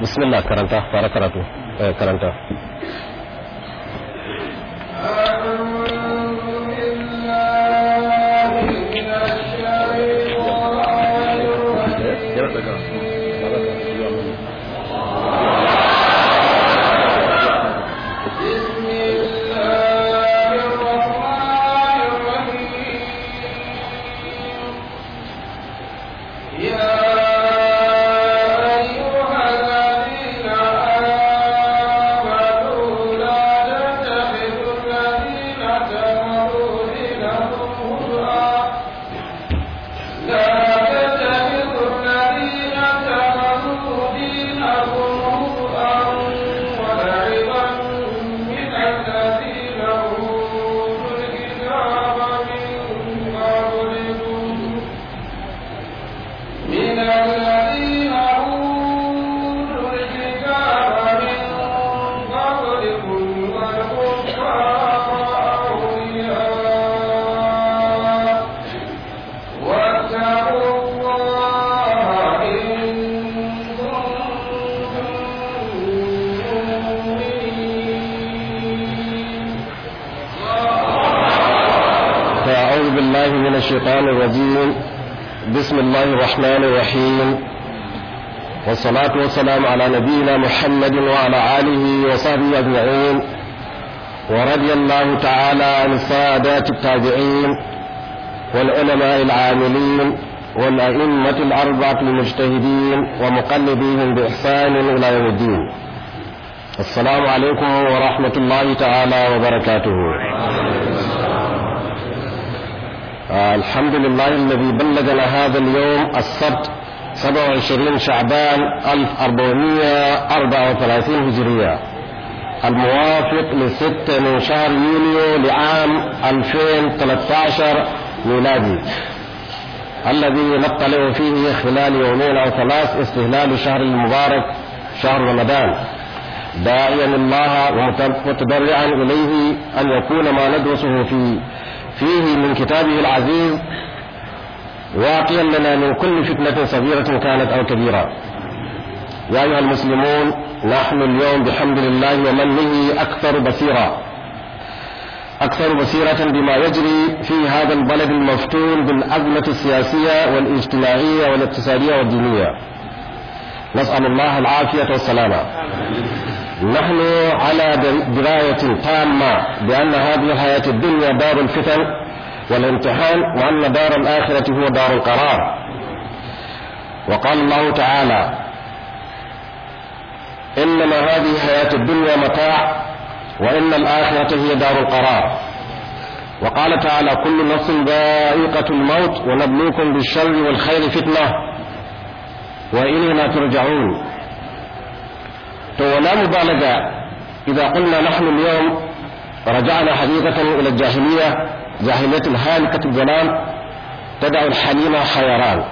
bismillah karanta fara karatu eh, karanta والصلاة والسلام على نبينا محمد وعلى آله وصحبه أجمعين ورضي الله تعالى عن السادات التابعين والعلماء العاملين والأئمة الأربعة المجتهدين ومقلديهم بإحسان إلى يوم الدين السلام عليكم ورحمة الله تعالى وبركاته آه، الحمد لله الذي بلغنا هذا اليوم السبت 27 شعبان 1434 هجرية الموافق لستة من شهر يوليو لعام 2013 ميلادي الذي نطلع فيه خلال يومين أو ثلاث استهلال الشهر المبارك شهر رمضان داعيا الله ومتضرعا إليه أن يكون ما ندرسه فيه فيه من كتابه العزيز واقيا لنا من كل فتنة صغيرة كانت أو كبيرة يا أيها المسلمون نحن اليوم بحمد الله ومنه أكثر بصيرة أكثر بصيرة بما يجري في هذا البلد المفتون بالأزمة السياسية والاجتماعية والاقتصادية والدينية نسأل الله العافية والسلامة نحن على دراية تامة بأن هذه الحياة الدنيا دار الفتن والامتحان وأن دار الآخرة هو دار القرار وقال الله تعالى إنما هذه حياة الدنيا متاع وإن الآخرة هي دار القرار وقال تعالى كل نفس ذائقة الموت ونبلوكم بالشر والخير فتنة وإلينا ترجعون ولا مبالغة إذا قلنا نحن اليوم رجعنا حقيقة إلى الجاهلية جاهلية هالكة الجنان تدع الحنين حيران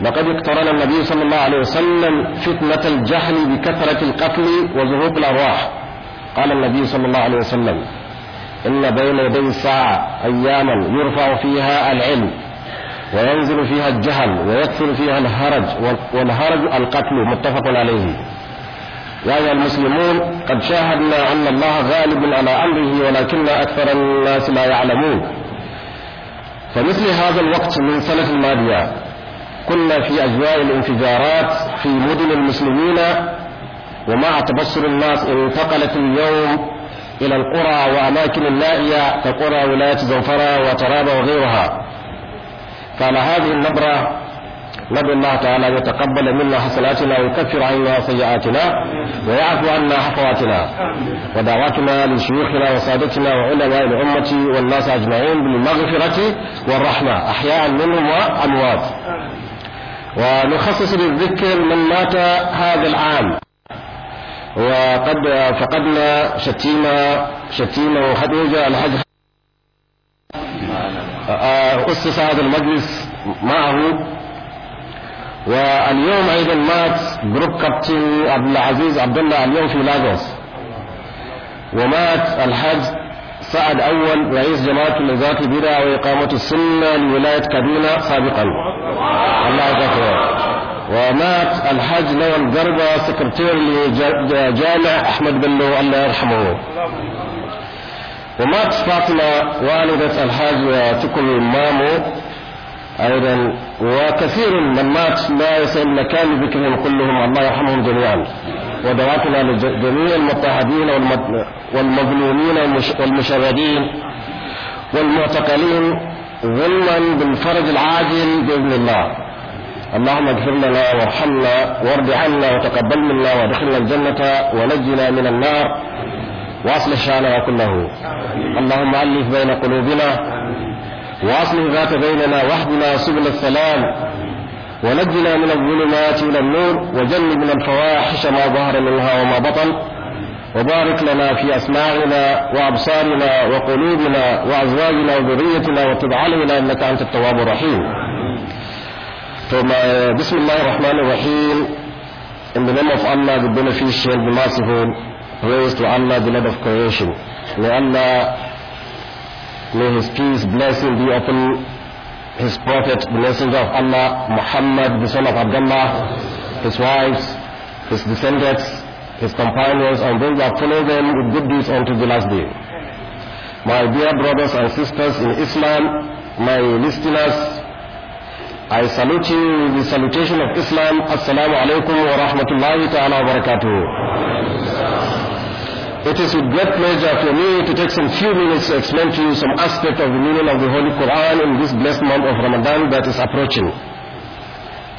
لقد اقترن النبي صلى الله عليه وسلم فتنة الجهل بكثرة القتل وزهوق الأرواح قال النبي صلى الله عليه وسلم إن بين يدي الساعة أياما يرفع فيها العلم وينزل فيها الجهل ويكثر فيها الهرج والهرج القتل متفق عليه وهذا المسلمون قد شاهدنا أن الله غالب على أمره ولكن أكثر الناس لا يعلمون فمثل هذا الوقت من سنة الماضية كنا في أجواء الانفجارات في مدن المسلمين ومع تبصر الناس انتقلت اليوم إلى القرى وأماكن النائية كقرى ولاية زنفرة وترابة وغيرها فعلى هذه النبرة ندعو الله تعالى أن يتقبل منا حسناتنا ويكفر عنا سيئاتنا ويعفو عنا حفواتنا ودعواتنا لشيوخنا وسادتنا وعلماء الأمة والناس أجمعين بالمغفرة والرحمة أحياء منهم وأموات ونخصص للذكر من مات هذا العام وقد فقدنا شتيمة شتيمة وحدوجة الحج أسس هذا المجلس معه واليوم ايضا مات جروب كابتن عبد العزيز عبد الله اليوم في لاغوس ومات الحاج سعد اول رئيس جماعه الازاله البدع واقامه السنه لولايه كابينه سابقا الله يذكره ومات الحاج نوال قربة سكرتير لجامع أحمد بن بلو الله يرحمه ومات فاطمة والدة الحاج وتكل مامو أيضا وكثير من مات لا يسأل مكان ذكرهم كلهم الله يرحمهم جميعا ودعاتنا لجميع المضطهدين والمظلومين والمشردين والمعتقلين ظلما بالفرج العاجل بإذن الله اللهم اغفر لنا وارحمنا وارض عنا وتقبل منا وادخلنا الجنة ونجنا من النار واصلح شأننا كله اللهم ألف بين قلوبنا واصلح ذات بيننا واهدنا سبل السلام ونجنا من الظلمات إلى النور وجنبنا الفواحش ما ظهر منها وما بطن وبارك لنا في أسماعنا وأبصارنا وقلوبنا وأزواجنا وذريتنا وتب علينا إنك أنت التواب الرحيم ثم بسم الله الرحمن الرحيم In the name of Allah, the beneficial the merciful, praise to Allah, the Lord of creation. May Allah May his peace, blessing be upon his prophet, the messenger of Allah, Muhammad, the son of Abdullah, his wives, his descendants, his companions, and those that follow them with good deeds unto the last day. My dear brothers and sisters in Islam, my listeners, I salute you with the salutation of Islam. Assalamu alaikum wa rahmatullahi ta'ala wa barakatuh. It is with great pleasure for me to take some few minutes to explain to you some aspect of the meaning of the Holy Quran in this blessed month of Ramadan that is approaching.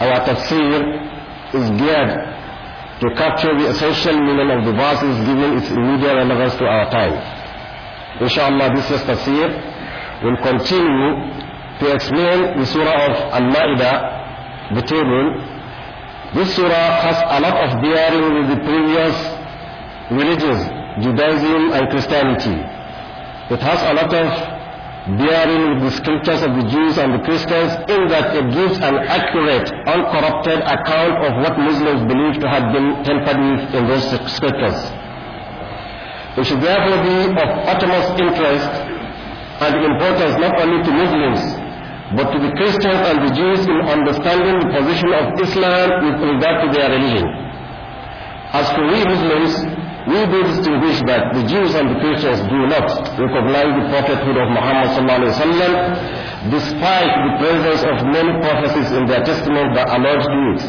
Our tafsir is geared to capture the essential meaning of the verses given its immediate relevance to our time. Inshallah, this year's tafsir will continue to explain the surah of Al-Ma'idah, the table, this surah has a lot of bearing with the previous religions Judaism and Christianity. It has a lot of bearing with the scriptures of the Jews and the Christians in that it gives an accurate, uncorrupted account of what Muslims believe to have been tampered with in those scriptures. It should therefore be of utmost interest and importance not only to Muslims but to the Christians and the Jews in understanding the position of Islam with regard to their religion. As for we Muslims, we do distinguish that the Jews and the Christians do not recognize the prophethood of Muhammad sallallahu despite the presence of many prophecies in their testament that allude to it.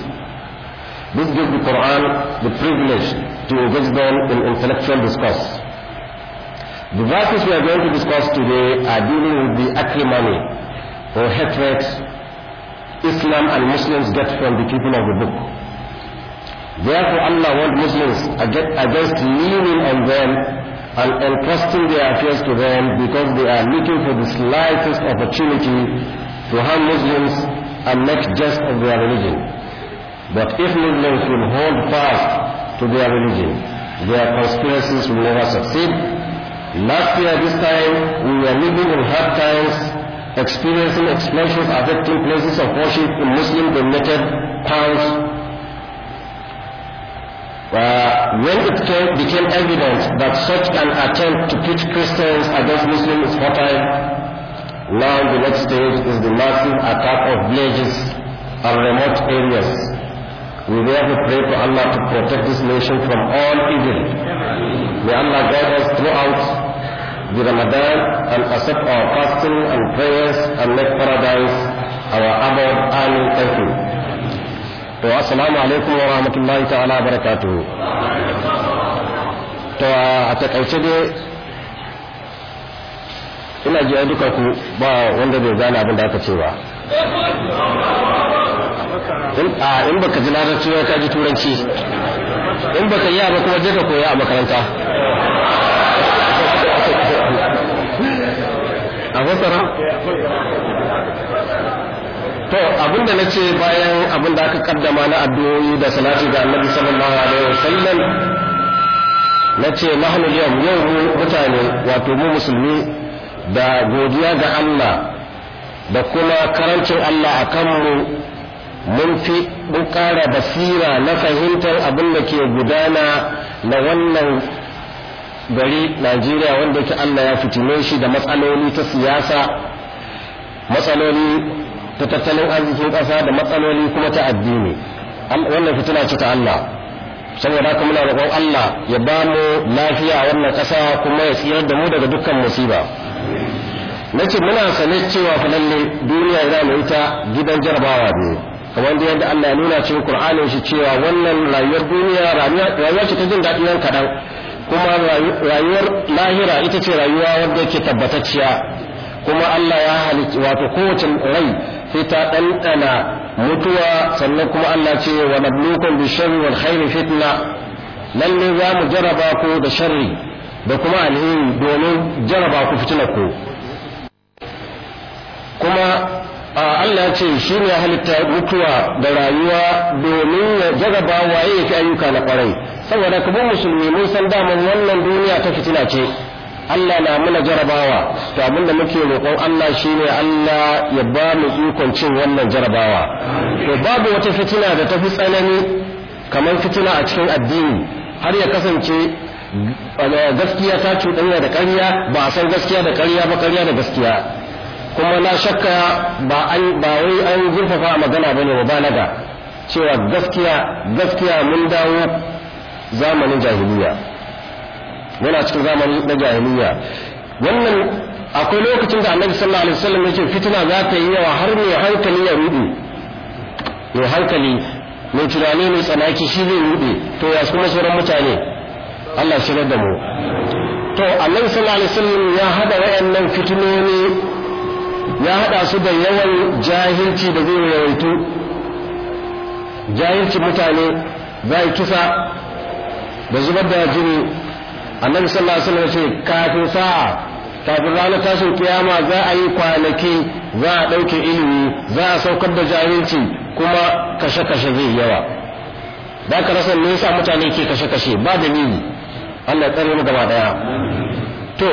This gives the Quran the privilege to engage them in intellectual discourse. The verses we are going to discuss today are dealing with the acrimony or hatred Islam and Muslims get from the people of the book. Therefore, Allah wants Muslims against leaning on them and entrusting their affairs to them because they are looking for the slightest opportunity to harm Muslims and make jest of their religion. But if Muslims will hold fast to their religion, their conspiracies will never succeed. Last year, this time, we were living in hard times, experiencing explosions affecting places of worship in Muslim-dominated towns Uh, when it came, became evident that such an attempt to pit Christians against Muslims is fertile now the next stage is the massive attack of villages and remote areas. We therefore pray to Allah to protect this nation from all evil. May Allah guide us throughout the Ramadan and accept our fasting and prayers and make paradise our abode. and Thank you. to assalamu alaikum wa rahmatullahi ta'ala barakatuhu to a takaice dai ina ji duka ku ba wanda bai gane abin da aka ce ba in baka ji ladar cewa ka ji turanci in baka yi ba kuma je ka koya a makaranta a fasara to abinda na ce bayan abinda aka kaddama na addu'o'i da salati ga annabi sallallahu alaihi wasallam na ce nahnu yau mutane wato mu musulmi da godiya ga Allah da kuma karancin Allah a kanmu mun fi ƙara basira na fahimtar abin da ke gudana na wannan gari Najeriya wanda ke Allah ya fitine shi da matsaloli ta siyasa matsaloli ta tattalin arzikin ƙasa da matsaloli kuma ta addini wannan fitina ce ta Allah saboda haka muna roƙon Allah ya ba mu lafiya wannan ƙasa kuma ya tsira da mu daga dukkan musiba nace muna sane cewa fa lalle duniya ina mai ita gidan jarabawa ne kamar yadda Allah ya nuna cikin Qur'ani shi cewa wannan rayuwar duniya rayuwar ce ta jin daɗi nan kaɗan kuma rayuwar lahira ita ce rayuwa wadda ke tabbatacciya kuma Allah ya halicci wato kowace rai sai ta ɗanɗana mutuwa sannan kuma Allah ce wa nablukum bi sharri wal khairi fitna lalle za mu jaraba ku da sharri da kuma alheri domin jaraba ku fitina ku kuma Allah ce shi ne halitta mutuwa da rayuwa domin ya jaraba waye yake ayyuka na kwarai saboda kuma musulmi mun san daman wannan duniya ta fitina ce Allah na muna jarabawa to abinda muke roƙon Allah shine Allah ya ba mu ikon cin wannan jarabawa to babu wata fitina da ta fi tsanani kamar fitina a cikin addini har ya kasance eh, gaskiya ta cuɗanya da ƙarya ba a san gaskiya da ƙarya ba ƙarya da gaskiya kuma na shakka ba wai an zurfafa a magana ba ne wa balaga cewa gaskiya gaskiya mun dawo zamanin jahiliya yana cikin zamanin na jahiliya wannan akwai lokacin da annabi sallallahu alaihi wasallam yake fitina za ta yi yawa har mai hankali ya rudu mai hankali mai tunani mai tsanaki shi zai rude to ya kuma sauran mutane Allah shi da mu to annabi sallallahu alaihi wasallam ya hada wayannan fitinoni ya hada su da yawan jahilci da zai yawaitu jahilci mutane zai kisa da zubar da jini annabi sallallahu alaihi wasallam ce kafin sa'a kafin ranar tashin kiyama za a yi kwanaki za a ɗauke ilimi za a saukar da jahilci kuma kashe-kashe zai yawa da ka rasa me yasa mutane ke kashe-kashe ba dalili Allah tsare mu gaba daya to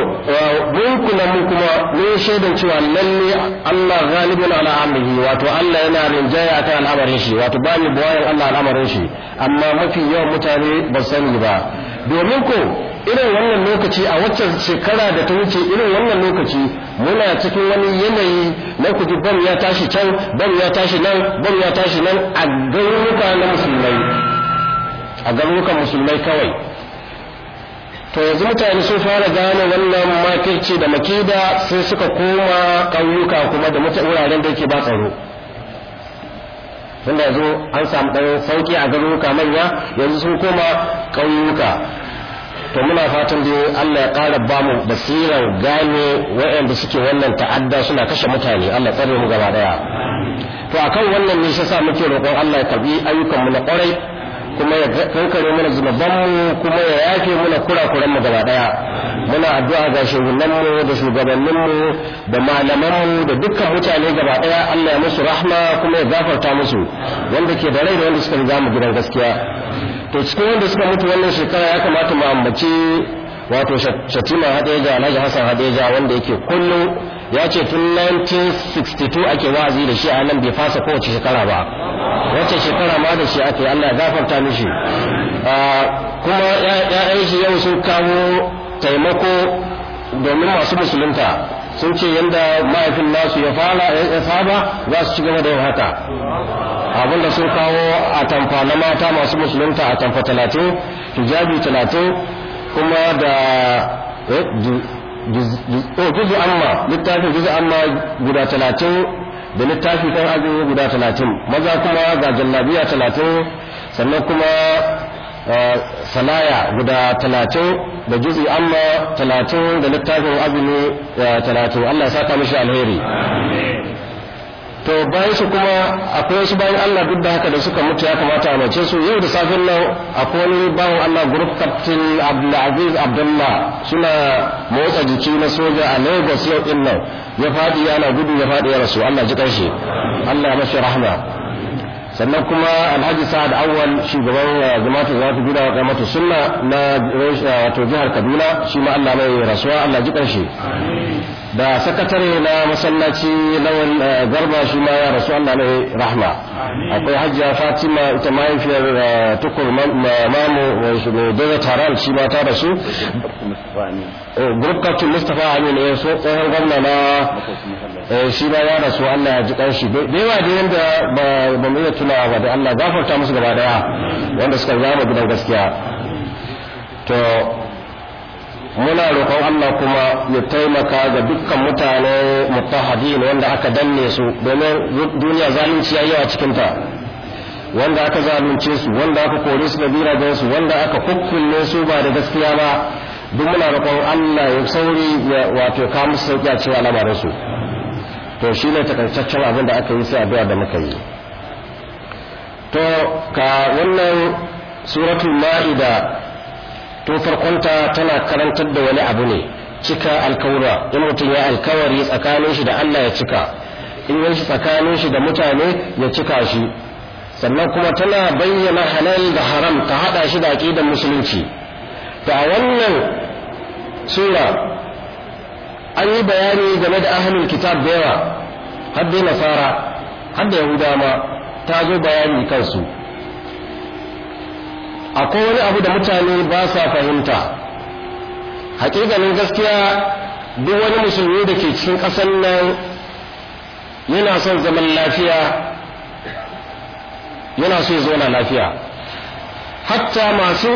mun kula mu kuma ne shaidan cewa lalle Allah ghalibun ala amrihi wato Allah yana rinjaya akan al'amarin shi wato ba ni Allah al'amarin shi amma mafi yawan mutane ba sani ba domin ko irin wannan lokaci a waccan shekara da ta wuce irin wannan lokaci muna cikin wani yanayi na kuji bam ya tashi can bam ya tashi nan bam ya tashi nan a garuruka na musulmai a garurukan musulmai kawai to yanzu mutane sun fara gane wannan makirci da makida sai suka koma ƙauyuka kuma da wuraren da yake ba tsaro tunda yanzu an samu ɗan sauki a garuruka manya yanzu sun koma ƙauyuka to muna fatan da Allah ya ƙara ba mu basirar gane waɗanda suke wannan ta'adda suna kashe mutane Allah tsare mu gaba daya to akan wannan ne shi sa muke roƙon Allah ya karbi mu na ƙwarai kuma ya kankare mana zunubanmu kuma ya yafe mana mu gaba daya muna addu'a ga mu da shugabanninmu da malaman mu da dukkan mutane gaba daya Allah ya musu rahma kuma ya gafarta musu wanda ke da rai da wanda suka riga mu gidan gaskiya to cikin wanda suka mutu wannan shekara ya kamata mu ambaci wato shatima hadeja alhaji hassan hadeja wanda yake kullum ya ce tun 1962 ake wa'azi da shi a nan bai fasa kowace shekara ba wacce shekara ma da shi ake allah ya gafarta mishi ah, kuma ya'yan shi yau sun kawo taimako domin masu musulunta sun ce yadda mahaifin nasu ya fara ya saba za su ci gaba da yin haka abinda sun kawo a tamfa na mata masu musulunta a tamfa talatin hijabi talatin kuma da eh, oh, juzu amma littafin juzu amma guda talatin da littafi kan azumi guda talatin maza kuma ga jallabiya talatin sannan kuma salaya guda talatin da juzi amma talatin da littafin azumi talatin Allah ya saka mishi alheri to bayan su kuma akwai wasu bayan Allah duk da haka da suka mutu ya kamata a mace su yau da safin nan akwai wani bawan Allah group captain Abdulaziz Abdullah suna motsa jiki na soja a Lagos yau din nan ya faɗi yana gudu ya faɗi ya rasu Allah ji ƙarshe Allah ya mashi rahma sannan kuma alhaji sa'ad awwal shugaban eh, jama'atu za ta gida wa kamata sunna na eh, wato jihar kaduna shi ma allah mai rasuwa allah ji ƙarshe da sakatare na masallaci lawan eh, garba shi ma ya rasu Allah ne rahma akwai hajjia fatima ita mahaifiyar eh, tukur mamu da taron shi ma ta rasu eh, gurbatun mustapha amin ya so tsohon gwamna na shi ma ya rasu Allah ya ji shi da yawa da yanda ba mu iya tunawa ba da Allah gafarta musu gaba daya wanda suka zama gidan gaskiya to muna roƙon Allah kuma ya taimaka ga dukkan mutane mutahadin wanda aka danne su domin duniya zalunci yayi a cikin ta wanda aka zalunce su wanda aka kore su da biragen su wanda aka kukkulle su ba da gaskiya ba duk muna roƙon Allah ya sauri ya wato ka musu sauki a cikin al'amarin su to shine takaitaccen abin da aka yi sai addu'a da muka yi to ka wannan suratul ma'ida to farkonta tana karantar da wani abu ne cika alkawura in mutum ya alkawari tsakanin shi da Allah ya cika in yi shi tsakanin shi da mutane ya cika shi sannan kuma tana bayyana halal da haram ta hada shi da aqidar musulunci Da a wannan sura an yi bayani game da ahlul kitab da yawa har da nasara har da yahudawa ta zo bayani kansu akwai wani abu da mutane ba sa fahimta hakikalin gaskiya duk wani musulmi da ke cikin ƙasar nan yana son zaman lafiya yana so ya zauna lafiya hatta masu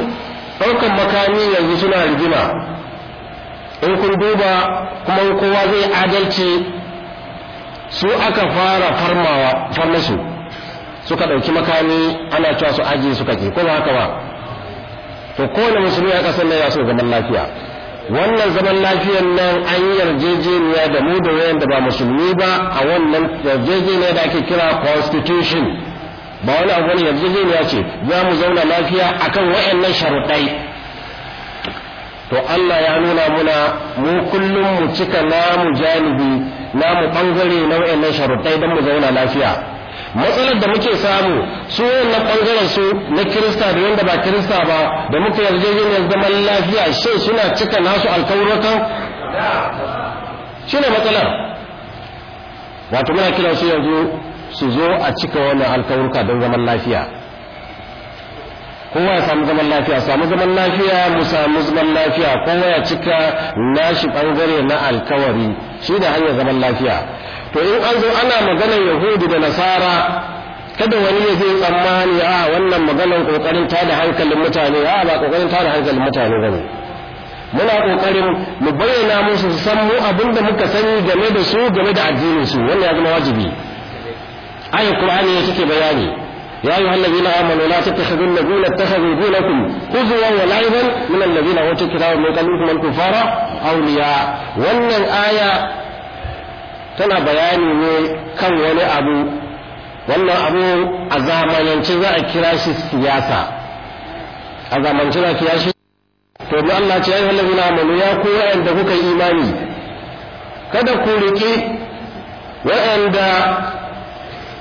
ɗaukan makami yanzu suna rigima in kun duba kuma kowa zai adalci su aka fara farmawa farmasu suka ɗauki makami ana cewa su aji suka ke kuma haka ba to kowane musulmi a ƙasar nan ya so zaman lafiya wannan zaman lafiyan nan an yi yarjejeniya da mu da wayan da ba musulmi ba a wannan yarjejeniya da ake kira constitution ba wani abu wani yarjejeniya ce za mu zauna lafiya akan wayannan sharuɗai to Allah ya nuna muna mu kullum mu cika namu janibi namu ɓangare na wayannan sharuɗai don mu zauna lafiya matsalar da muke samu su wannan bangaren su na kirista da wanda ba kirista ba da muka yarjejeniyar zaman lafiya shi suna cika nasu shi ne matsalar wato muna kira su yanzu su zo a cika wannan alkawurka don zaman lafiya kowa ya samu zaman lafiya samu zaman lafiya mu samu zaman lafiya kowa ya cika nashi bangare na alkawari shi da hanyar zaman lafiya to in an zo ana maganar yahudu da nasara kada wani ya zai tsammani a ah, wannan maganar kokarin tada hankalin mutane a ah, ba kokarin tada hankalin mutane ba ne. muna kokarin mu bayyana musu su san mu abin da muka sani game da su game da addinin su wannan ya zama wajibi ayat qur'ani ya take bayani ya ayyuha allazina amanu la tattakhidhu allazina ittakhadhu dinakum huzwan wa la'iban min allazina utul kitaba min qablikum al-kuffara awliya wannan aya tana bayani ne kan wani abu wannan abu a zamanance za a kira shi siyasa a zamanance za a kira shi to ni Allah ce ayyuhal ladina amanu ya ku wa'anda kuka yi imani kada ku riki wa'anda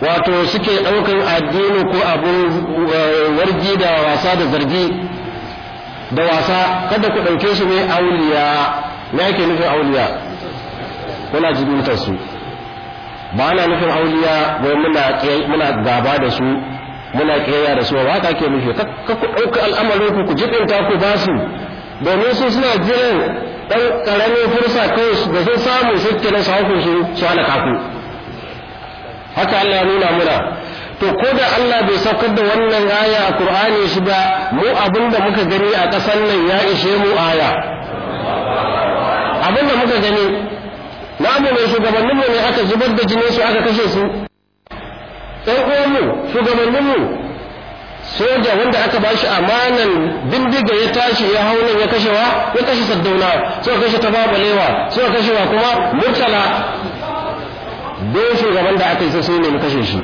wato suke ɗaukan addini ko abun eh, wargi da wasa da zargi da wasa kada ku ɗauke su ne auliya me nufin auliya muna jibintar su ba na nufin auliya wai muna gaba da su muna kiyaya da su ba ka ke nufi ka ku ɗauka al'amarin ku ku jibinta ku ba su domin su suna jiran ɗan ƙaramin fursa su da sun samu suke na sahukun su su halaka ku haka Allah ya nuna muna to ko da Allah bai saukar da wannan aya a Qur'ani shi ba mu abin da muka gani a ƙasar nan ya ishe mu aya abin muka gani namu mai shugabannin mu ne aka zubar da jinin su aka kashe su ɗan uwanmu shugabannin mu soja wanda aka ba shi amanan bindiga ya tashi ya hau ya kashewa ya kashe saddauna suka kashe tababalewa suka kashewa kuma murtala don shugaban da aka yi sai ne mu kashe shi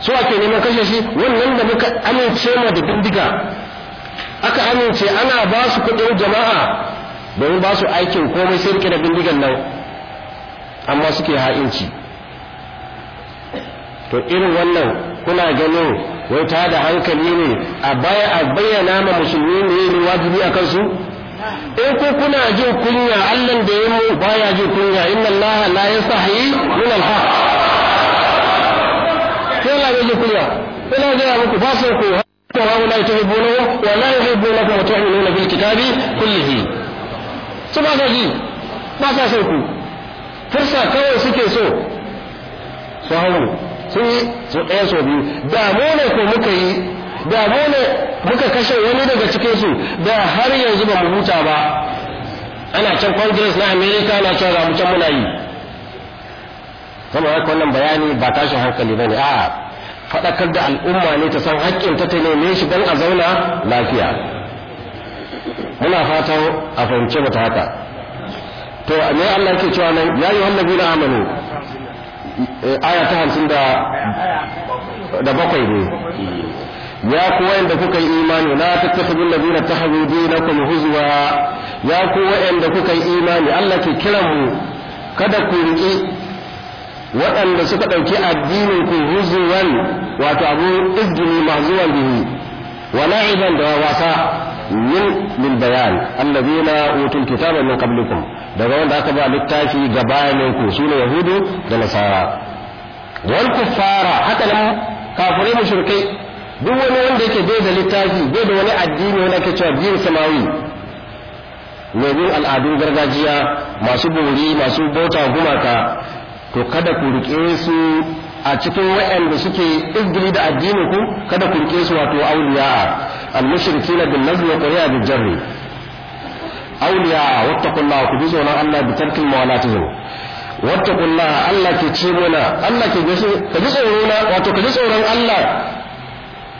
su ake neman kashe shi wannan da muka amince ma da bindiga aka amince ana ba su kuɗin jama'a domin ba su aikin komai sai rike da bindigan nan amma suke ha'inci to irin wannan kuna ganin wai ta da hankali ne a bayyana ma musulmi ne ne wajibi a kansu in eh, ko kuna jin kunya allan da ya mu baya jin kunya inna allaha la yasahi min alhaq ko la jin kunya ina ga muku ba sai ko وهؤلاء تحبونه ولا يحبونكم bil kitabi kullihi su ba sa ji ba sa so ku fursa kawai suke so su hau sun yi su ɗaya so biyu da ne ko muka yi ne muka kashe wani daga cikin su da har yanzu ba mu huta ba ana can congress na Amerika na can ramu can muna yi saboda wannan bayani ba tashin hankali ba ne a faɗakar da al'umma ne ta san haƙƙin ta ta neme shi don a zauna lafiya muna fata a fahimci mu ta haka to me Allah yake cewa nan ya yi wannan gina amanu eh, aya ta hamsin da da bakwai ne ya ku wa'anda kuka yi imani na tattakhudhu biyu na dinakum huzwa ya ku wa'anda kuka yi imani Allah ke kiran mu kada ku riƙi waɗanda suka ɗauki addinin ku huzuwan wato abu izgini mahzuwan bihi wa la'iban da wasa min lil bayan allazina utul kitaba min qablikum daga wanda aka ba littafi gabanin ku sune yahudu da nasara wal kuffara haka nan kafirai mushrikai duk wani wanda yake bai da littafi bai da wani addini wanda ake cewa biyu samawi mai bin al'adun gargajiya masu bori masu bauta gumaka to kada ku rike su a cikin waɗanda suke izgili da addinin ku kada ku rike su wato auliya المشركين بالنزل وقرئ بالجر أولياء واتقوا الله كجزونا الله بترك موالاتهم واتقوا الله الله كتشيبونا الله كجزونا واتو كجزونا الله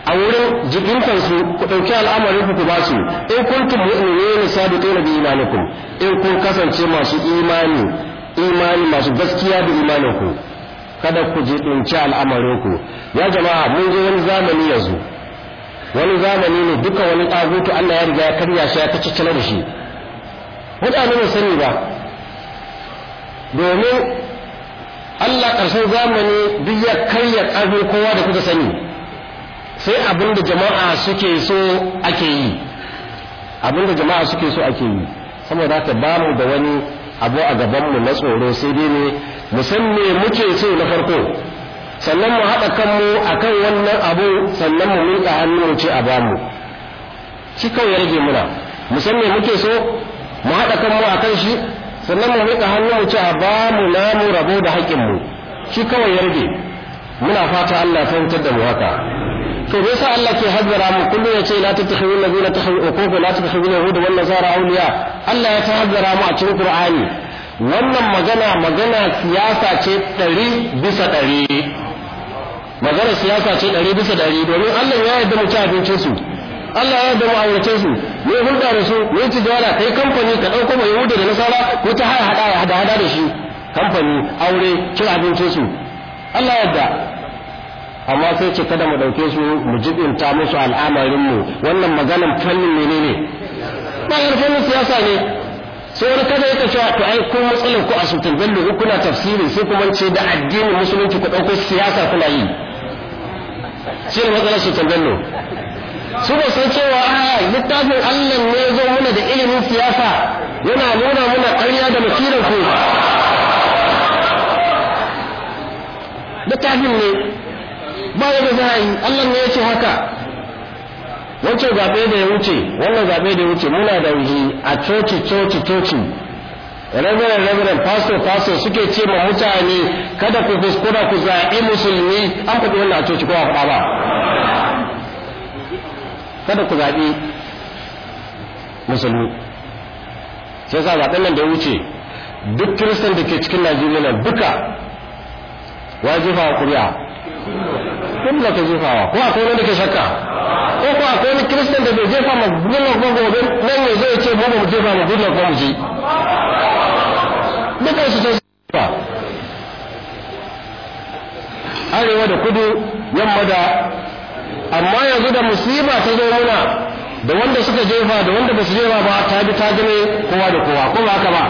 a wurin jikinkansu ku ɗauki al'amarin ku ba su in kuntum mu'minina sadiqina bi imanikum in kun kasance masu imani imani masu gaskiya da imaninku kada ku al'amarin ku ya jama'a mun je wani zamani yanzu wani zamani ne duka wani ɗagutu Allah ya riga ya karya shi ya ta ciccina da shi mutane ba sani ba domin Allah ƙarshen zamani duk ya karya kowa da kuka sani sai abin da jama'a suke so ake yi abin da jama'a suke so ake yi saboda haka ba mu da wani abu a gabanmu na tsoro sai dai ne mu me muke so na farko sannan mu haɗa kanmu a kan wannan abu sannan mu miƙa hannu mu ce a bamu shi kawai ya rage muna mu san me muke so mu haɗa kanmu akan shi sannan mu miƙa hannu mu ce a bamu namu rabo da haƙƙinmu shi kawai ya rage muna fata Allah ya fahimtar da mu haka to me yasa Allah ke hazzara mu kullum ya ce la tattakhidu alladhina takhidu ko la tattakhidu yahuda wan nasara awliya Allah ya tahazzara mu a cikin Qur'ani wannan magana magana siyasa ce ɗari bisa ɗari magana siyasa ce ɗari bisa ɗari domin Allah ya yarda mu ci abincin su Allah ya yarda mu aurace su ne hulɗa da su ne ci jawala kai kamfani ka ɗauko mai yahuda da nasara ko ta haya hada hada hada da shi kamfani aure ci abincin su Allah ya yarda amma sai ce kada mu ɗauke su mu jibinta musu al'amarin mu wannan maganan fannin menene bayan fannin siyasa ne sai wani kada yake cewa to ai ko matsalar ku a sultan bello kuna tafsiri sai kuma ce da addinin musulunci ku ɗauko siyasa kuna yi shi ne matsalar su talbello su ba san cewa a littafin allah ne ya zo muna da ilimin siyasa yana nuna muna ƙarya da makirar ku littafin ne ba ya da zai yi allah ne ya ce haka wancan zaɓe da ya wuce wannan zaɓe da ya wuce muna da wuce a coci coci coci rabiran rabiran pastor pastor suke ce ma mutane kada ku kuskura ku zaɓi musulmi an kuɗi wannan a coci ko a faɗa ba kada ku zaɓi musulmi sai sa zaɓen nan da ya wuce duk kiristan da ke cikin najeriya nan duka wa jefawa kuri'a kun da ka jefawa ko akwai wanda ke shakka ko ko akwai wani kiristan da bai jefa ma gudunar ko gobe nan ya zai ce mu ba mu jefa ma gudunar ko mu ji duka su sai ba arewa da kudu yamma da amma yanzu da musiba ta zo rauna da wanda suka jefa da wanda ba su jefa ba ta bi ta gane kowa da kowa ko ba haka ba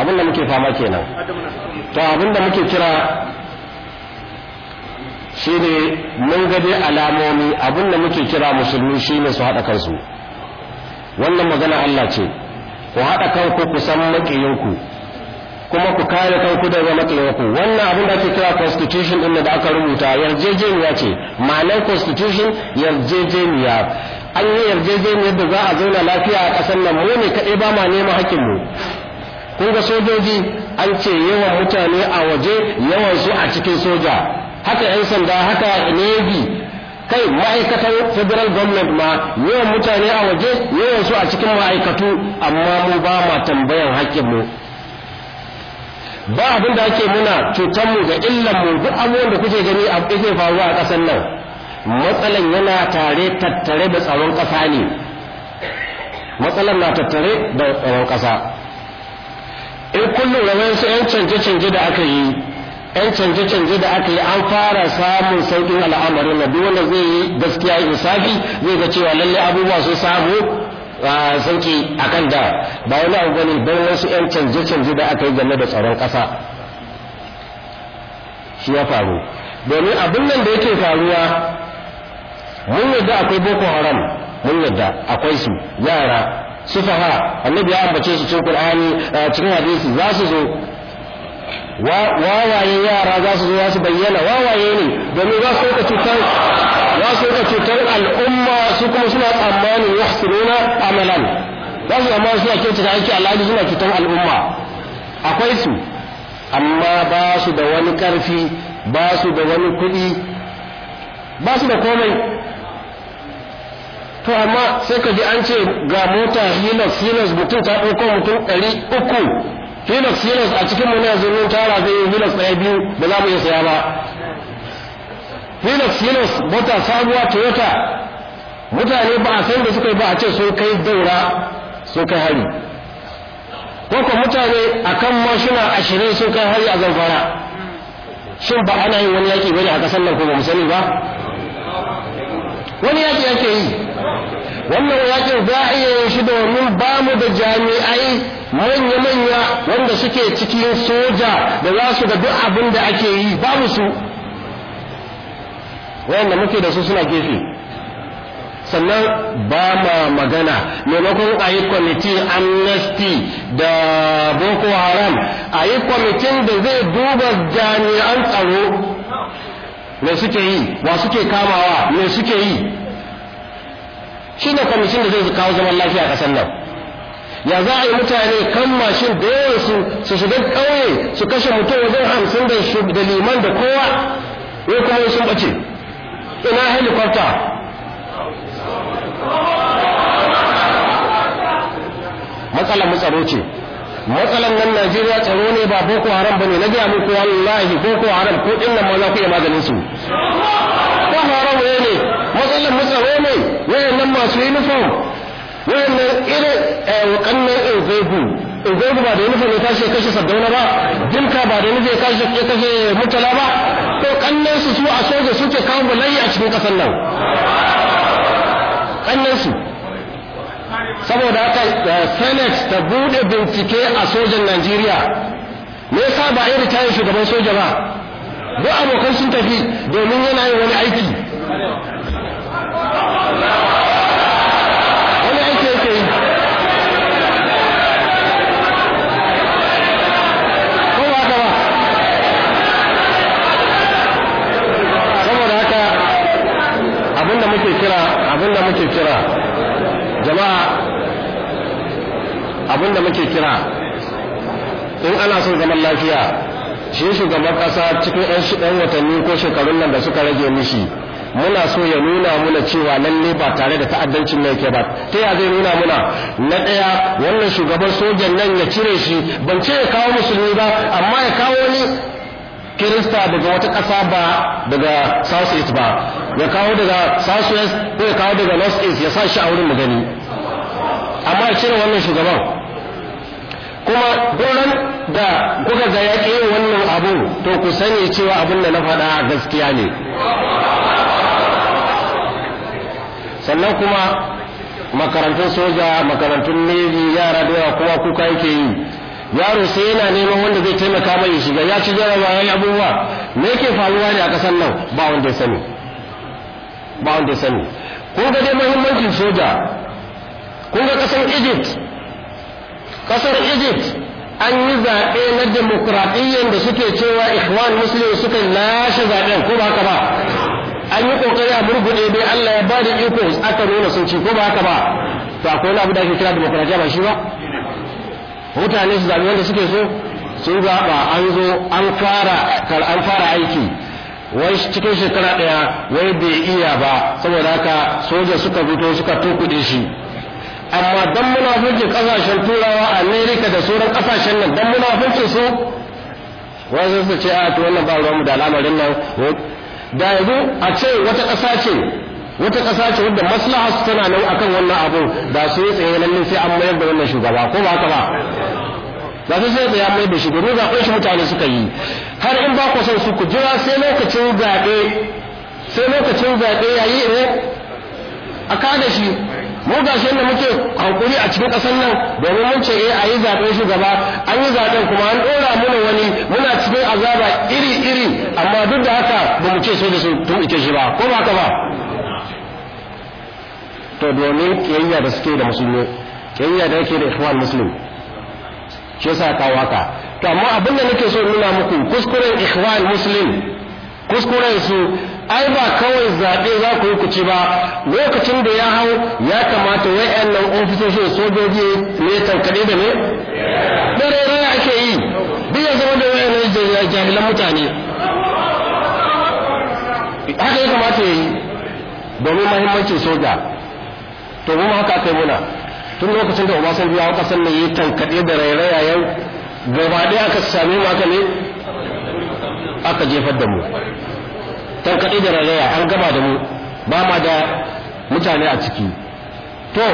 abin da muke fama kenan to abin da muke kira shine mun ga dai alamomi abin da muke kira musulmi shine su haɗa kansu wannan magana Allah ce ku haɗa kanku ku san maƙiyinku kuma ku kare kanku daga maƙiyinku wannan abin da ake kira constitution ɗin da aka rubuta yarjejeniya ce ma'anar constitution yarjejeniya an yi yarjejeniyar da za a zauna lafiya a ƙasar nan mu ne kaɗai ba ma neman haƙƙinmu kun ga sojoji an ce yawan mutane a waje yawan su a cikin soja haka 'yan sanda haka navy kai ma'aikatan federal government ma yawan mutane a waje yawan su a cikin ma'aikatu amma mu ba ma tambayan haƙƙinmu ba abin da ake muna cutanmu da illanmu duk abubuwan da kuke gani a ake faruwa a ƙasar nan matsalan yana tare tattare da tsaron ƙasa ne matsalan na tattare da tsaron ƙasa in kullum rawar su 'yan canje-canje da aka yi 'yan canje-canje da aka yi an fara samun sauƙin al'amarin na duk wanda zai yi gaskiya insafi zai ga cewa lalle abubuwa sun samu sauƙi a kan da ba wani abu gani don wasu 'yan canje-canje da aka yi game da tsaron ƙasa shi ya faru domin abin nan da yake faruwa mun yadda akwai boko haram mun yadda akwai su yara sufaha annabi ya ambace su cikin qur'ani cikin hadisi za su zo wawaye yara za su zo za su bayyana wawaye ne domin za su ka cutar za su ka cutar al'umma su kuma suna tsammanin yahsinuna amalan za su amma suna kyautata aiki alhaji suna cutar al'umma akwai su amma ba su da wani karfi ba su da wani kuɗi ba su da komai to amma sai ka ji an ce ga mota hilas hilas mutum ta ɗauko mutum ɗari uku Felix Yunus a cikin mu ne yanzu mun tara zai yi Hilux ɗaya biyu ba za mu iya saya ba. Felix Yunus mota sabuwa Toyota mutane ba a san da suka yi ba a ce sun kai daura sun kai hari. Koko mutane a kan mashina ashirin sun kai hari a zamfara. Shin ba ana yin wani yaƙi bane a ƙasar nan ko ba mu sani ba? Wani yaƙi yake yi. Wannan yaƙin za a iya yin shi domin ba mu da jami'ai manya-manya wanda suke cikin soja da za su ga duk abin da ake yi babu su wayanda muke da su suna gefe sannan ba ma magana maimakon a yi kwamitin amnesty da boko haram a yi kwamitin da zai duba jami'an tsaro me suke yi wa suke kamawa me suke yi shi ne kwamitin da zai kawo zaman lafiya a ƙasar nan ya za a yi mutane kan mashin da yawansu su shiga ƙauye su kashe mutum wajen hamsin da liman da kowa ya kuma sun ɓace ina helikwafta matsalar matsaro ce matsalar nan najeriya tsaro ne ba boko haram ba ne na gaya muku wallahi boko haram ko ɗin nan ma za ku iya maganin su ko haram ne matsalar matsaro ne wayannan masu uniform wannan irin eh, wakannan inzegu inzegu ba da wani zai tashi ya kashe sardauna ba dinka ba da wani ya kashe ya kashe mutala ba ko kannan su su a soja suke kawo balayi a cikin kasar nan kannan su saboda haka eh, senate ta bude bincike a sojan najeriya me yasa ba a yi tayin shugaban soja ba duk abokan sun tafi domin yana yin wani aiki kira abin da muke kira jama'a abin da muke kira in ana son zaman lafiya shi shugaban kasa cikin 'yan watanni ko shekarun nan da suka rage mishi muna so ya nuna muna cewa lalle ba tare da ta'addancin nan yake ba ta ya zai nuna muna na ɗaya wannan shugaban sojan nan ya cire shi ban ce ya kawo musulmi ba amma ya kawo ni kirista daga wata ƙasa ba daga south east ba ya kawo daga southwest ko ya kawo daga north east ya sa shi a wurin mu gani amma ya cire wannan shugaban kuma duran da kuka ga ya yin wannan abu to ku sani cewa abin da na faɗa gaskiya ne sannan kuma makarantun soja makarantun navy yara da kuma kuka yake yi yaro sai yana neman wanda zai taimaka mai shiga ya ci jarabawa ya abubuwa me yake faruwa ne a ƙasar nan ba wanda ya sani ba wanda ya sani kun ga dai muhimmancin soja kun ga kasar egypt kasar egypt an yi zaɓe na demokuraɗiyyar da suke cewa ikhwan muslim suka lashe zaɓen ko ba haka ba an yi ƙoƙari a murguɗe dai allah ya ba da iko aka nuna sun ci ko ba haka ba to akwai wani abu da ake kira demokuraɗiyya ba shi ba mutane su zaɓi wanda suke so sun zaɓa an zo an fara aiki wai cikin shekara ɗaya wai bai iya ba saboda haka soja suka fito suka tukuɗe shi amma dan munafincin kasashen turawa amerika da sauran kasashen nan dan munafincin su wasu su ce a to wannan ba mu da al'amarin nan da yanzu a ce wata ƙasa ce wata ƙasa ce wadda maslaha su tana nan akan wannan abu da su yi tsaye nan sai an mayar da wannan shugaba ko ba haka ba ba sai sai ya mai da shi domin zaɓen shi mutane suka yi har in ba ku son su ku jira sai lokacin zaɓe sai lokacin zaɓe yi ne eh, a kada shi mu ga shi da muke hankuri a cikin ƙasar nan domin mun ce eh a yi zaɓe shi gaba an yi zaɓen kuma an ɗora mana wani muna cikin azaba iri iri amma duk da haka ba mu ce sai da su tun ike shi ba ko ba ka ba to domin kiyayya da suke da musulmi kiyayya da yake da ikhwan musulmi. shi yasa ta waka to amma abin da nake so nuna muku kuskuren ikhwan muslim kuskuren su ai ba kawai zaɓe za ku yi ku ci ba lokacin da ya hau ya kamata wayannan ofisoshin sojoji ne tankaɗe da ne dare raya ake yi duk ya zama da wayannan jahilan mutane haka ya kamata ya yi domin mahimmancin soja to mu haka kai muna tun lokacin da obasanjo ya kasar ne yi tankaɗe da rairaya yau gaba ɗaya aka sami maka aka ne aka jefar da mu tankaɗe da rairaya an gaba da mu ba ma da mutane a ciki to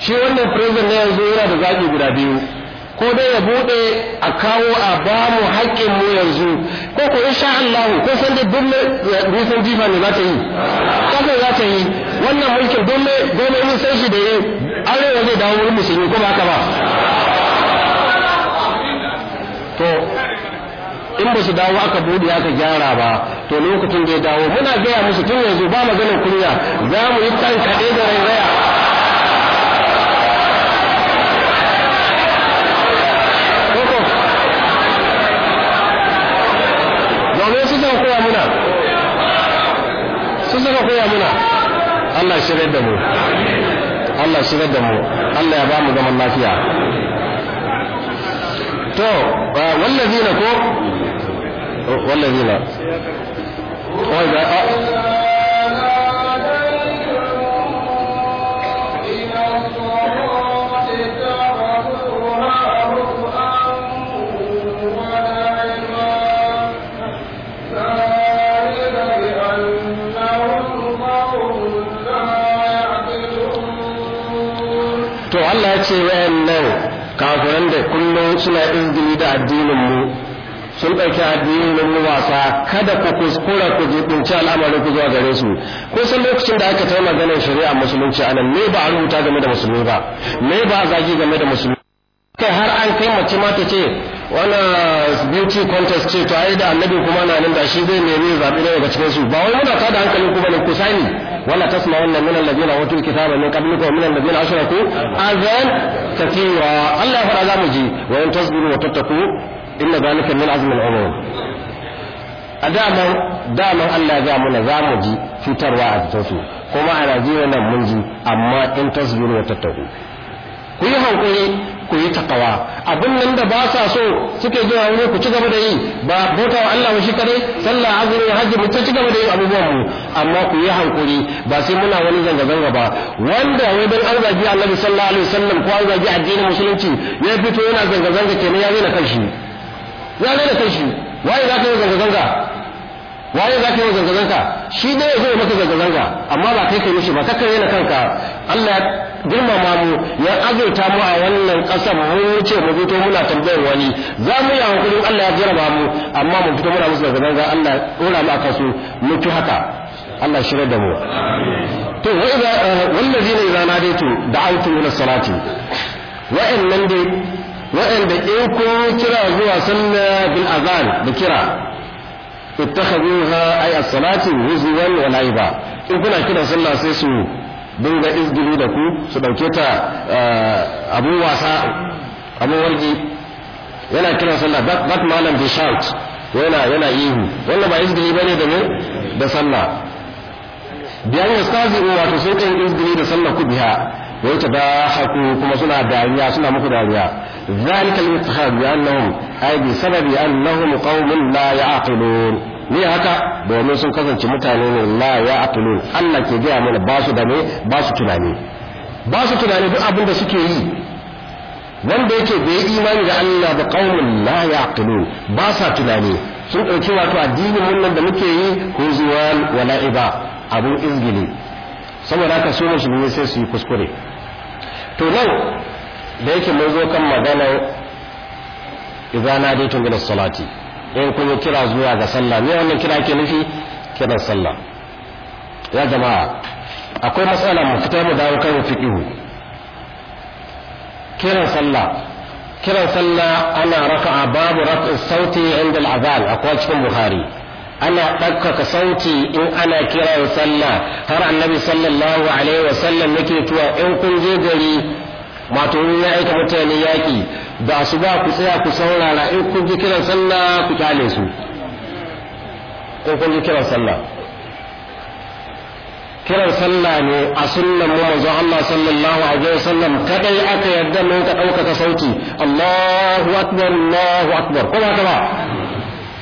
shi wannan firizan na yanzu yana da zaɓi guda biyu ko dai ya buɗe a kawo a ba mu haƙƙin mu yanzu ko ko insha Allah ko san da dole nisan jifa ne za ta yi kafa za ta yi wannan mulkin dole dole mun san shi da yau Allah zai dawo wurin musulmi ko ba haka ba to in ba su dawo aka bude aka gyara ba to lokacin da ya dawo muna gaya musu tun yanzu ba maganar kunya za mu yi kan kaɗe da rairaya domin su suka koya muna su suka koya muna Allah shirya da mu Allah shigar da mu Allah ya ba mu zaman lafiya to wallazina ko wallazina to Allah ya ce wayannan kafiran da kullum suna izgili da addinin mu sun ɗauki addinin mu wasa kada ku kuskura ku cewa al'amarin ku zuwa gare su ko san lokacin da aka tauna ganin shari'a musulunci anan me ba a rubuta game da musulmi ba me ba a zagi game da musulmi kai har an kai mace ma ta ce wannan beauty contest ce to ai da annabi kuma na nan da shi zai nemi zaɓi ne daga cikin su ba wai muna da hankalin ku bane ku sani wala tasma wannan min alladhina utul kitaba min qablikum min alladhina ashraku azan katira Allah ya fara zamu ji wa in tasbiru wa tattaku inna zalika min azmi al-umur a daman Allah ya muna zamu ji fitarwa a cikin su kuma a Najeriya nan mun ji amma in tasbiru wa tattaku ku yi hankali ku yi takawa abin nan da ba sa so suke zuwa wuri ku ci gaba da yi ba bauta wa Allah shi kadai sallah azumi hajji mu ci gaba da yi abubuwan mu amma ku yi hankuri ba sai muna wani zanga zanga ba wanda wai dan an zagi sallallahu alaihi wasallam ko an addinin musulunci ya fito yana zanga zanga kenan ya na kanshi ya na kanshi wai za ka yi zanga zanga waye za ka yi zanga-zanga shi ne ya zai maka zanga-zanga amma ba kai kai mishi ba kakar na kanka Allah girmama mu ya azurta mu a wannan ƙasar mu wuce mu fito muna tambayar wani za mu yi hankulin Allah ya jarraba mu amma mu fito muna musu zanga-zanga Allah ɗora mu a kasu mu fi haka Allah shirar da mu to wa idza eh, wallazina idza da da'awtu ila salati wa'annan dai wa'anda in kun kira zuwa sallah bil azan da kira ittakhaduha ay as-salati huzwan wa laiba in kuna kiran sallah sai su dinga izgili da ku su dauke ta eh, abun wasa abun wargi yana kiran sallah that malam dey shout yana yana ihu wannan ba izgili bane da me da sallah biyan yastazi wato sai kan izgili da sallah ku biya wai ta da haku kuma suna dariya suna muku dariya ذلك الاتخاذ بأنهم أي بسبب أنهم قوم لا يعقلون ne haka domin sun kasance mutane ne la ya aqilun Allah ke gaya mana ba su da ne ba su tunani ba su tunani duk abin da suke yi wanda yake bai imani da Allah da qaumun la ya aqilun ba sa tunani sun ɗauki wato addinin mun nan da muke yi huzuwan wala'iba abun ingili saboda haka su ne sai su yi kuskure to nan da yake mun zo kan maganar idan na dai tun salati in kun yi kira zuwa ga sallah me wannan kira ke nufi kiran sallah ya jama'a akwai matsala mu fita mu dawo kan fiqhu kiran sallah kiran sallah ana raka'a babu raf'in sauti inda al-azan akwai cikin bukhari ana ɗaukaka sauti in ana kiran sallah har annabi sallallahu alaihi wasallam yake tuwa in kun je gari wato wani ya aika mutane yaƙi da su ba ku tsaya ku saurara in kun ji kiran sallah ku kyale su in kun ji kiran sallah kiran sallah ne a sunnan mu manzo Allah sallallahu alaihi wasallam kadai aka yarda mu ka ɗaukaka sauti Allahu akbar Allahu akbar ko ba ka ba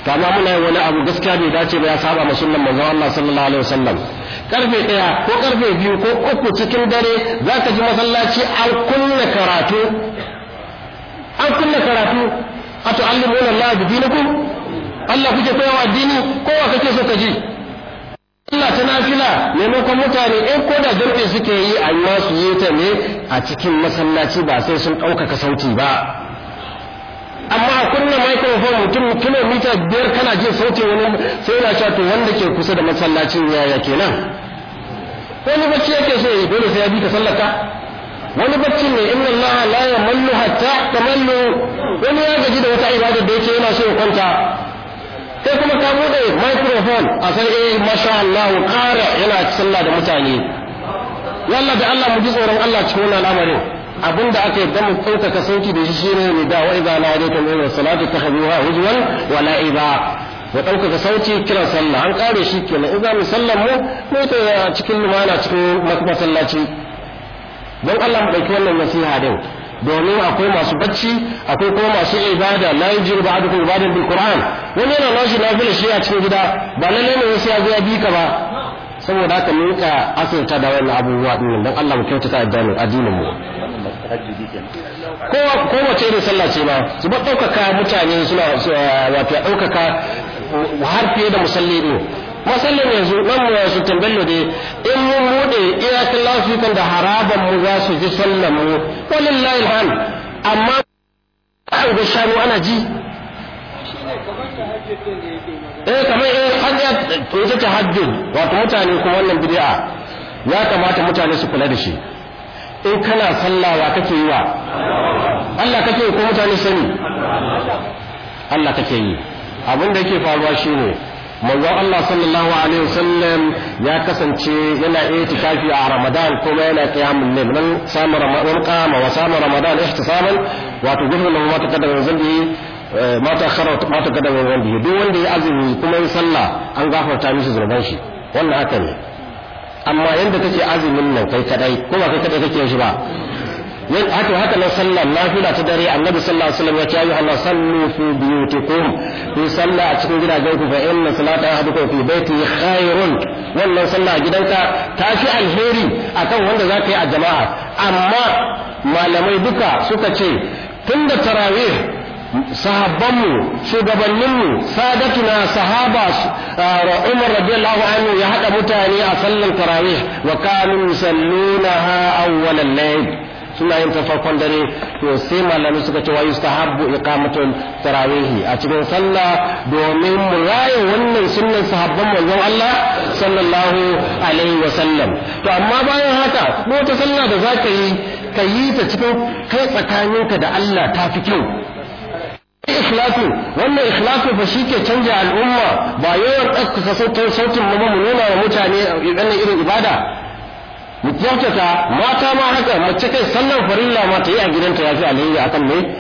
kama muna wani abu gaskiya bai dace ba ya saba ma sunnan manzo Allah sallallahu alaihi wasallam karfe ɗaya ko karfe biyu ko uku cikin dare za ka ji masallaci an kunna karatu an kunna karatu a tu'allimuna Allah bi dinikum Allah kuke koyawa addini kowa kake so ka ji Allah ta nafila maimakon mutane in ko da jam'i suke yi amma su yi ta ne a cikin masallaci ba sai sun ɗaukaka sauti ba amma a kunna microphone mutum kilomita biyar kana jin sautin wani sai ya sha to wanda ke kusa da masallacin yaya kenan wani bacci yake so yi dole sai ya bi ta sallaka wani bacci ne inna Allah la yamallu hatta tamallu wani ya gaji da wata ibada da yake yana so ya kwanta sai kuma ka bude microphone a san eh masha Allah kare yana sallah da mutane yalla da Allah mu ji tsoron Allah cikin wannan Abin da aka yadda mu ka sauki da shi shine ne da wa'iza idza la yadaytum salatu salati takhadhuha hujwan wa la'iba mu ɗaukaka sauti kiran sallah an ƙare shi kenan in za mu sallar mu mu ta cikin lumana cikin masallaci don Allah mu ɗauki wannan nasiha din domin akwai masu bacci akwai kuma masu ibada la yujiru ba'dukum ibadan bil qur'an wani yana nashi nafila shi a cikin gida ba lalle ne sai ya zo ya bi ka ba saboda haka mu ka asirta da wannan abubuwa din don Allah mu kyautata addinin addinin mu Ko wace ne sallah ce ba su ba ɗaukaka mutane suna wato ɗaukaka har fiye da musalli ne ne yanzu nan mu yasu tambayo dai in mun bude iyakan lafikan da haraban mu za su ji sallan mu walillahi alham amma an ga shanu ana ji eh kamar eh hajjat ko ita tahajjud wato mutane ko wannan bid'a ya kamata mutane su kula da shi in kana sallah wa kake yi wa Allah kake yi ko mutane sani Allah kake yi abin da yake faruwa shine manzon Allah sallallahu alaihi wasallam ya kasance yana itikafi a Ramadan kuma yana qiyamul layl nan sama Ramadan qama wa sama Ramadan ihtisaban wato gurbin ma ta kada eh, manzon bi ma ta khara ma ta kada manzon bi duk wanda ya azumi kuma ya sallah an gafarta mishi zurban shi wannan haka ne amma yanda kake azumin nan kai kadai kuma kai kadai kake shi ba yin haka haka na sallar nafila ta dare annabi sallallahu alaihi wasallam ya ce ayyuhan sallu fi biyutikum ku sallah a cikin gidajen ku fa inna salata ahadukum fi baiti khairun wannan sallah a gidanka ta fi alheri akan wanda za ka yi a jama'a amma malamai duka suka ce tunda tarawih sahabbanmu shugabanninmu sadatuna sahaba umar radiyallahu anhu ya hada mutane a sallar tarawih wa kanu yusallunaha awwalal layl suna yin ta farkon dare to sai malami suka ce wa yustahabbu iqamatu tarawih a cikin sallah domin mu raye wannan sunnan sahabban manzon Allah sallallahu alaihi wasallam to amma bayan haka ko ta sallah da zaka yi ka yi ta cikin kai tsakaninka da Allah ta fi kyau ikhlasu wannan ikhlasu fa shi ke canja al'umma ba yawan ɗaukaka sautin mu ba mu nuna wa mutane irin ibada mu kyautata mata ma haka mace kai sallar farilla ma ta yi a gidanta ya fi a akan mai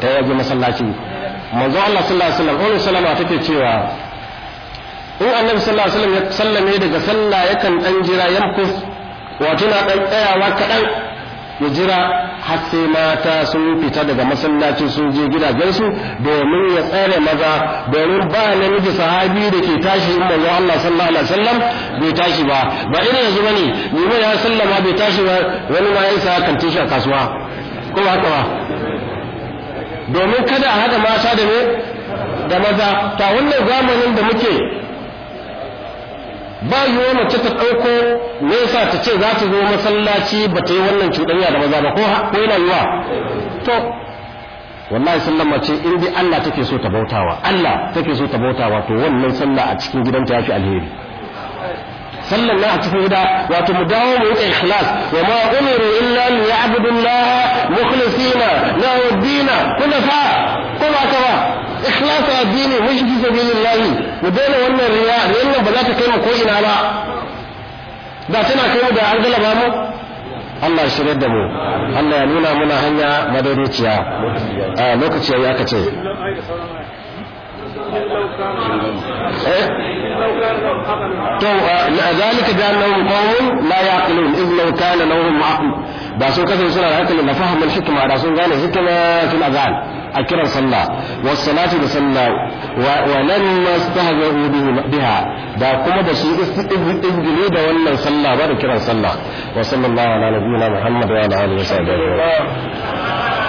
ta yaje masallaci manzo Allah sallallahu alaihi wasallam ummu salama take cewa in annabi sallallahu alaihi wasallam ya sallame daga sallah yakan dan jira yankus wato na dan tsayawa kadan ya jira har sai mata sun fita daga masallacin sun je gidajensu domin ya tsare maza domin ba namiji sahabi da ke tashi in manzo Allah sallallahu alaihi wasallam bai tashi ba ba irin yanzu bane nima ya sallama bai tashi ba wani ma ya isa kan tashi a kasuwa ko haka ba domin kada a haɗa mata da ne da maza ta wannan zamanin da muke ba yiwuwa mace ta ɗauko nesa ta ce za ta zo masallaci ba ta yi wannan cuɗanya da maza ba ko yana wa. to wallahi sallah mace in dai Allah take so ta bautawa Allah take so ta bautawa to wannan sallah a cikin gidanta ya fi alheri sallan na a cikin gida wato mu dawo mu yi ikhlas wa ma umiru illa li ya'budu Allah mukhlisina lahu سبيل الله ودينا وانا الرياء لأنه بدأت كينا كوئي نعلا باتنا كينا دا عرض الله بامو الله يشرد دمو الله يلونا منا هنيا مدريتيا آه نوكتيا ياكتي تو ذلك بأنهم قوم لا يعقلون إذ لو كان لهم عقل بس وكذا يسأل عقل لفهم الحكمة رسول قال الحكمة في الأذان a kiran sallah wassalatu da sallah wa lam yastahzu biha da kuma da su istigile da wannan sallah ba da kiran sallah wa sallallahu ala muhammad wa ala alihi wa sahbihi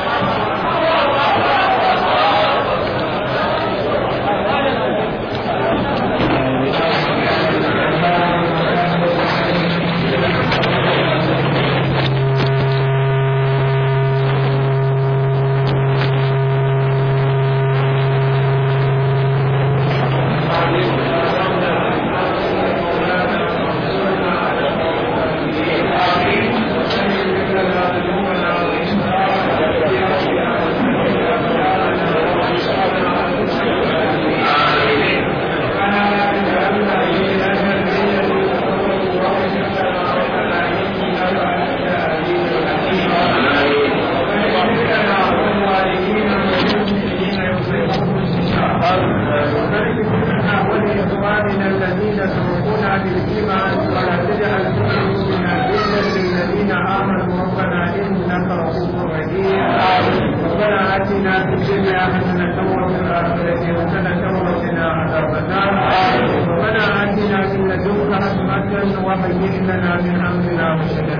من الذين سبقونا بالإيمان ولا تجعل في قلوبنا غلا للذين آمنوا ربنا إنك رؤوف رحيم ربنا آتنا في الدنيا حسنة وفي الآخرة حسنة وقنا عذاب النار ربنا آتنا من لدنك رحمة وهيئ لنا من أمرنا رشدا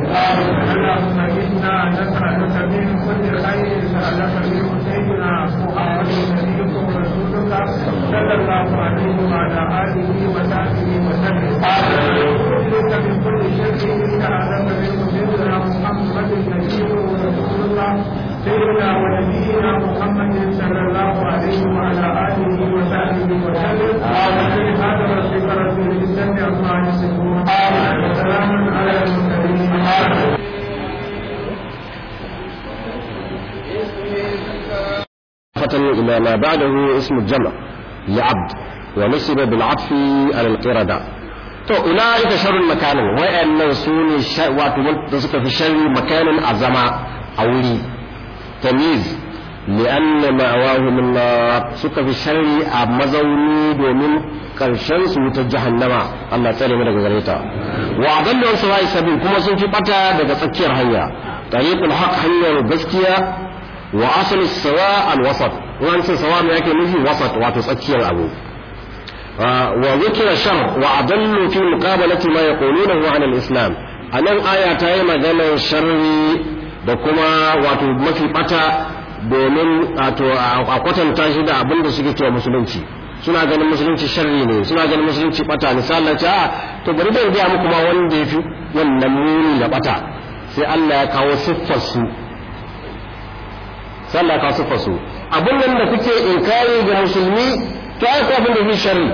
اللهم إنا نسألك من كل خير سألك منه سيدنا محمد رسولك صلى الله عليه وعلى آله وصحبه وسلم أعوذ من كل شيء إنك أعلم منه سيدنا محمد النبي ورسول الله سيدنا ونبينا محمد صلى الله عليه وعلى آله وصحبه وسلم هذا رسول رسول الإسلام أما يصفون وسلام على المرسلين إلى ما بعده اسم الجمع لعبد ونسب بالعطف على القردة تو أولئك شر المكان وأن سون الشر وأن تصف في الشر مكان أعظم أولي تمييز لأن مأواه من النار سك في الشر أمزوني ومن كرشن سوت جهنم الله تعالى من غزريتا وأضل عن سواء سبيل كما سن في بطا بغسكير هيا طريق الحق هيا وبسكيا وأصل السواء الوسط wancin sawa yake nufi wasat wato tsakiyar abu ah, wa zikira shar wa adallu fi muqabalati ma yaquluna wa anil islam anan aya ta yi maganar sharri da kuma wato mafi bata domin a kwatanta shi da abinda suke cewa musulunci suna ganin musulunci sharri ne suna ganin musulunci bata misalin ta ah, to bari da gaya muku ma wanda yafi fi wannan muni da bata sai Allah ya kawo siffar su sai su abin nan da kuke inkari ga musulmi to akwai abin da fi sharri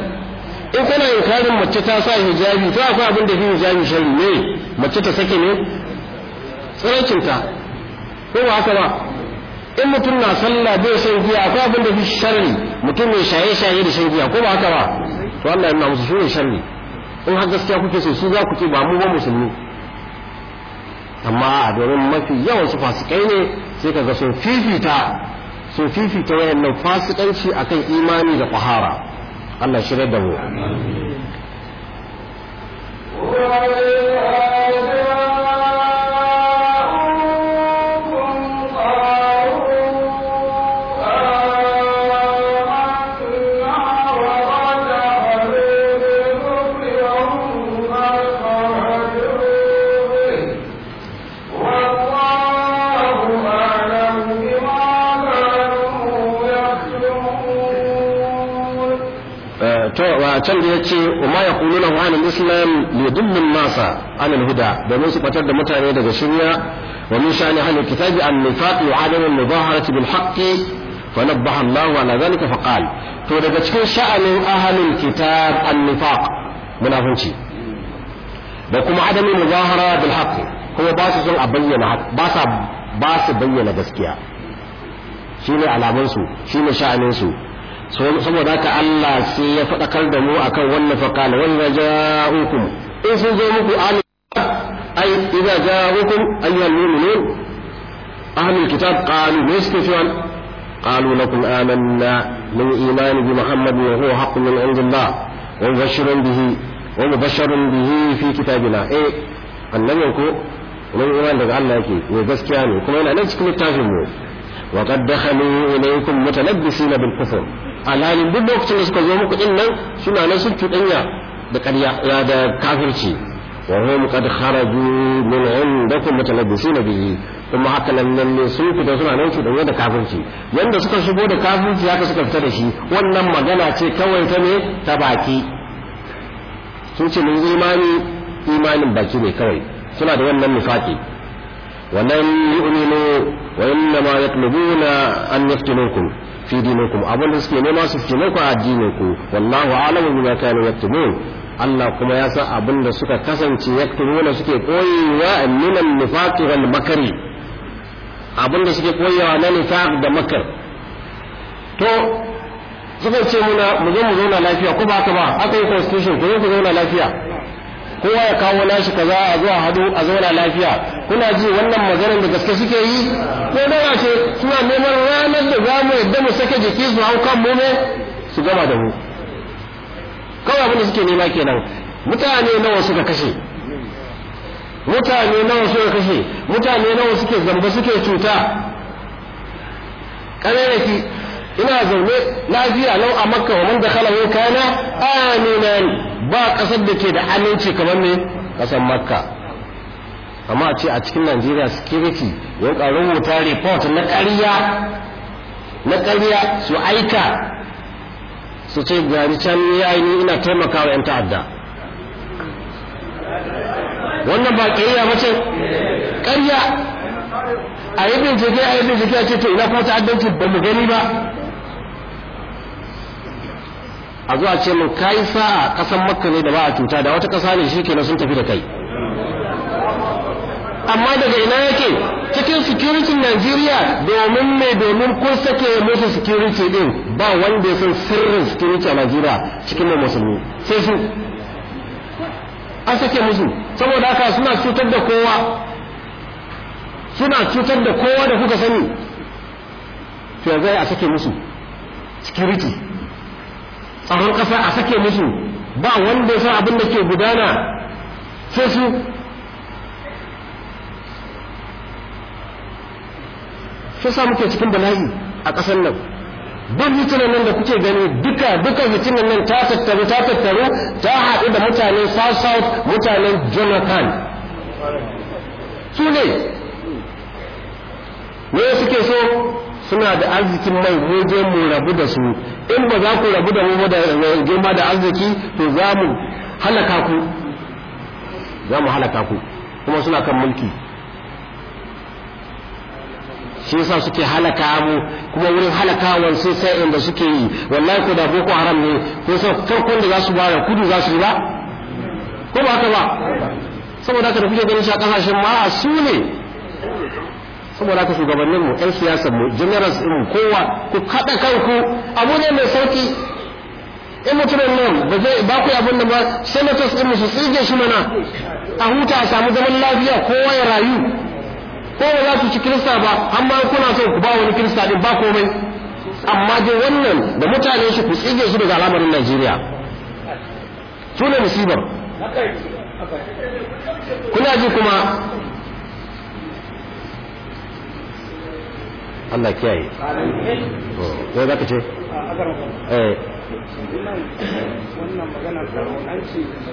in kana inkarin mace ta sa hijabi to akwai abin da fi hijabi sharri ne mace ta sake ne tsiraicinta ko ba haka ba in mutum na sallah bai shan giya akwai abin da fi sharri mutum mai shaye-shaye da shan giya ko ba haka ba to Allah yana musu shine sharri in har gaskiya kuke so su za ku ce ba mu ba musulmi amma a domin mafi yawan su fasikai ne sai ka ga sun fifita sun fifita wayannan fasikanci akan imani da kuhara. Allah shi da mu can da ya ce wa ma yaquluna wa anil islam dubbin nasa anil huda domin su batar da mutane daga shirya wa min sha'ani ahlul kitabi an nifaq wa adam al bil haqqi fa nabbaha Allah ala zalika fa to daga cikin sha'anin ahlul kitab an nifaq munafunci da kuma adamin muzahara bil haqqi kuma ba su son a bayyana ba ba su bayyana gaskiya shine alamansu shine sha'aninsu saboda haka Allah sai ya faɗakar da mu akan wannan faqala wa idza ja'ukum in sun zo muku alu ay idza ja'ukum ayyuhal mu'minun ahlul kitab qalu mustafan qalu lakum amanna min iman bi muhammad wa huwa haqqun min indillah wa mubashshirun bihi wa mubashshirun bihi fi kitabina eh annabinku mun iman daga Allah yake ne gaskiya ne kuma yana nan cikin littafin mu وقد دخلوا إليكم متلبسين بالكفر alhalin duk lokacin da suka zo muku din nan suna nan sun cuɗanya da ƙarya da kafirci wa hum qad kharaju min indakum mutalabbisuna bihi kuma haka nan ne sun fita suna nan cuɗanya da kafirci yanda suka shigo da kafirci haka suka fita da shi wannan magana ce kawai ta ne ta baki sun ce mun imani imanin baki ne kawai suna da wannan nufaki ولن na وإنما يطلبون أن يفتنوكم fi dinikum abin da suke nema su fitine ku a addinin ku wallahu a'lamu bima kanu yaktumun Allah kuma ya san abin da suka kasance yaktumuna suke koyewa min al-nifaq wal makri abin da suke koyewa na nifaq da makar to suka ce muna mu zo mu zauna lafiya ko ba ka ba haka yi constitution ku zo ku zauna lafiya kowa ya kawo nashi kaza a zuwa hadu a zauna lafiya kuna ji wannan maganar da gaske suke yi ko dawa ce suna neman ranar da za mu yadda mu sake jiki su hau kan mu su gama da mu kawai abin da suke nema kenan mutane nawa suka kashe mutane nawa suka kashe mutane nawa suke zamba suke cuta ƙararraki ina zaune lafiya lau a makka wa man dakhala hu kana aminan ba kasar da ke da aminci kamar me kasar makka amma a ce a cikin Najeriya security ya karu wuta report na ƙarya na ƙarya su aika su ce gari can ya yi ina taimakawa 'yan ta'adda wannan ba ƙiyayya ba ce ƙarya a yi bincike a yi bincike a ce to ina fata addanci ba mu gani ba a zuwa ce mun kai sa'a kasan makka ne da ba a cuta da wata kasa ne shi kenan sun tafi da kai amma daga ina yake cikin security Najeriya domin mai domin kun sake musu security din ba wanda ya san sirrin security a Najeriya cikin mai musulmi sai su an sake musu saboda haka suna cutar da kowa suna cutar da kowa da kuka sani to yanzu a sake musu security tsaron ƙasa a sake musu ba wanda ya san abin da ke gudana sai su sai sa muke cikin bala'i a ƙasar nan duk hitunan nan da kuke gani duka duka hitunan nan ta tattaru ta tattaru ta haɗu da mutanen south south mutanen jonathan su ne me suke so suna da arzikin mai mu mu rabu da su in ba za ku rabu da mu da girma da arziki to za mu halaka ku za mu halaka ku kuma suna kan mulki shi yasa suke halaka mu kuma wurin halakawan sai sai inda suke yi wallahi ko da boko haram ne ko sai farkon da za su bara kudu za su yi ba ko ba haka ba saboda haka da kuke ganin shi a kasashen ma su ne saboda haka shugabannin mu ɗan siyasar mu generals din kowa ku kada kanku abu ne mai sauki in mutumin nan ba zai ba ku abin nan ba senators din mu su tsige shi mana a huta a samu zaman lafiya kowa ya rayu ko ba za ku ci kirista ba amma kuna so ku ba wani kirista din ba komai amma dai wannan da mutane shi ku tsige su daga al'amarin Najeriya su ne musibar kuna ji kuma Allah kiyaye ko za ka ce eh wannan magana an ce